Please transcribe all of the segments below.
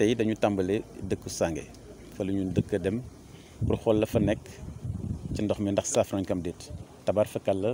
tey dañu tàmbalee dëkku Sange fa la ñun dëkk dem pour xool la fa nekk ci ndox mi ndax saafara kam déet tabaar fakal la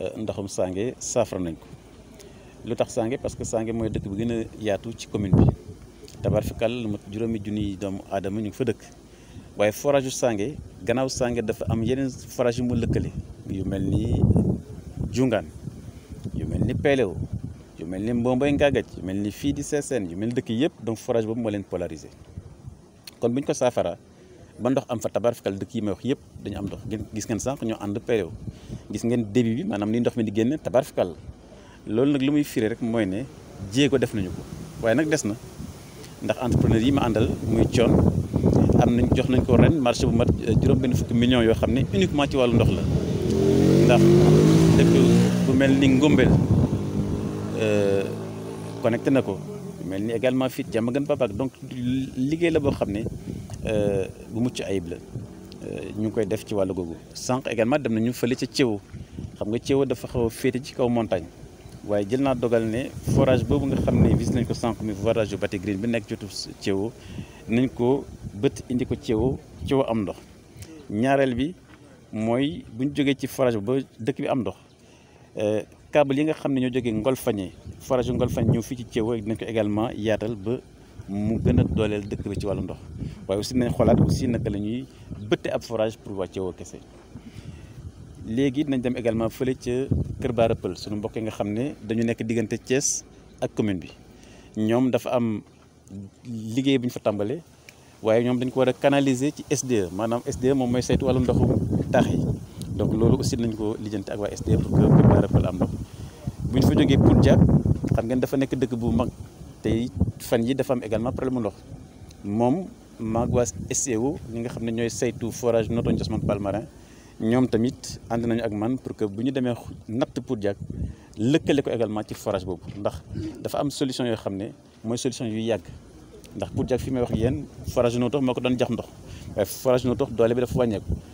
euh, ndoxum Sange saafara nañ ko lu tax Sange parce que Sange mooy dëkk bi gën a yaatu ci commune bi tabaar fakal lu mat juróomi junniy doomu aadama ñu ngi fa dëkk waaye forage Sange gannaaw Sange dafa am yeneen forage yu mu lëkkale yu mel ni jungaan yu mel ni Péléo yu mel ni Mbomboy Ngagaj yu mel ni fii di Sessène yu mel ni dëkk yëpp donc forage boobu moo leen polarisé kon bu ñu ko saafara ba ndox am fa tabarfakal dëkk yi ma wax yëpp dañu am ndox gis ngeen sànq ñoo ànd péréw gis ngeen début bi maanaam ni ndox mi di génne tabarfakal loolu nag lu muy firé rek mooy ne ko def nañu ko waaye nag des na ndax entrepreneur yi ma àndal muy coon am nañ jox nañ ko ren marché bu ma euh, juróom benn fukki millions yoo xam ne uniquement ci wàllu ndox la ndax mel ni Ngombel Euh, connecté na ko mel ni également fii jàmm gën papaak donc liggéey la boo xam ne euh, bu mucc ayib la euh, ñu ngi koy def ci wàll googu sànq également dem nañu fële ca Thiéwo xam nga Thiéwo dafa xaw a féete ci kaw montagne waaye jël naa dogal ne forage boobu nga xam ne visité nañ ko sànq mi forage yu Bati Green bi nekk jotu Thiéwo nañ ko bët indi ko Thiéwo Thiéwo am ndox ñaareel bi mooy bu ñu jógee ci forage ba dëkk bi am ndox câble yi nga xam ne ñoo jógee Ngolfane forage Ngolfane ñëw fii ci Thiéw rek dinañ ko également yaatal ba mu gën dooleel dëkk bi ci wàllu ndox waaye aussi nañ xoolaat aussi naka la ñuy bëtte ab forage pour waa Thiéw kese léegi dinañ dem également fële ca Kër Bara Pël suñu mbokk yi nga xam ne dañu nekk diggante Thiès ak commune bi ñoom dafa am liggéey bu ñu fa tàmbalee waaye ñoom dañ ko war a canaliser ci SDE maanaam SDE moom mooy saytu wàllu ndoxu taax yi donc lolu aussi nañ ko lijjanti ak wa SDE pour que Touba Rappal am ndox bu fa jógee pour Diack xam ngeen dafa nek dëkk bu mag té fan yi dafa am également problème ndox mom magwas waa e ñi nga xamné ñoy saytu forage Notto Ndiosmone Palmarin ñom tamit ànd nañu ak man pour que buñu ñu nat pour Pout Diack ko également ci forage bobu ndax dafa am solution yo xamné moy solution yu yag ndax pour Diack fi may wax yeen forage Notto mako ko jax ndox forage Notto doole bi dafa wàññeeku.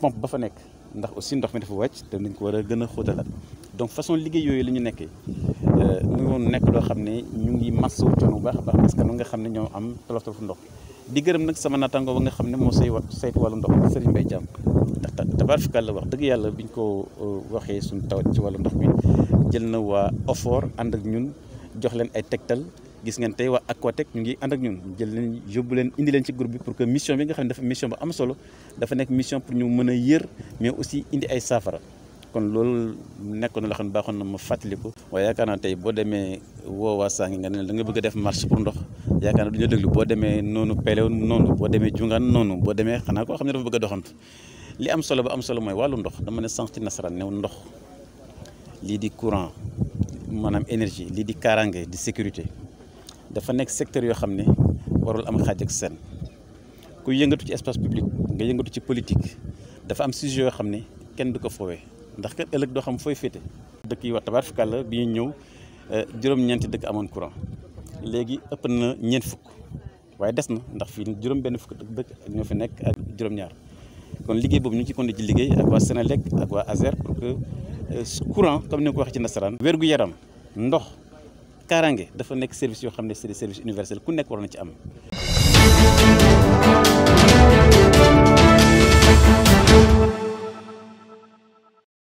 pompe ba fa nekk ndax aussi ndox mi dafa wàcc te nañ ko war a gën a xóotalaat donc façon liggéey yooyu la ñu nekkee euh, mu nekk loo xam ne ñu ngi masawu coono bu baax a baax parce que nga xam ne ñoo am tolof tolofu ndox di gërëm nag sama naataango ba nga xam ne moo say saytu wàllu ndox Serigne Mbaye Thiam ndax tabaarkalla la wax dëgg yàlla bi biñ ko euh, waxee suñu tawat ci wàllu ndox mi jël na waa OFOR ànd ak ñun jox leen ay tegtal gis ngeen tay wa aquatec ñu ngi and ak ñun jël leen yobul leen indi leen ci groupe bi pour que mission bi nga xamne dafa mission ba am solo dafa nek mission pour ñu mëna mais aussi indi ay safara kon lool nekkoon na loo xam ne na ma fàttaliku. wa yaakaar naa tey boo demee woo waa Sange nga ne da nga bëgg def marche pour ndox dafa bëgg doxant li am solo ba am solo moy walu ndox dama ne sànq ci nasaraan new ndox li di courant Manam énergie Li di karangé di sécurité. dafa nek secteur yo xamne warul am xaaj ak sen ku yëngatu ci espace public nga yëngatu ci politique dafa am sujet yo xamne kenn du ko foowee ndax kat ëlëk do xam foy fété dëkk yi wa tabaar la bi ñu ñëw juróom-ñeenti dëkk amon courant légui ëpp na ñeent fukk waye dess na ndax fi juróom ben fukk dëkk ak ñofi nek ak juróom-ñaar kon liggéey bobu ñu ci kondi ci liggéey ak wa Senelec ak wa Azer pour que courant comme ni ko wax ci nasaran wergu yaram ndox kaaraange dafa nekk service yoo xam ne c'est des services universels ku nekk war na ci am.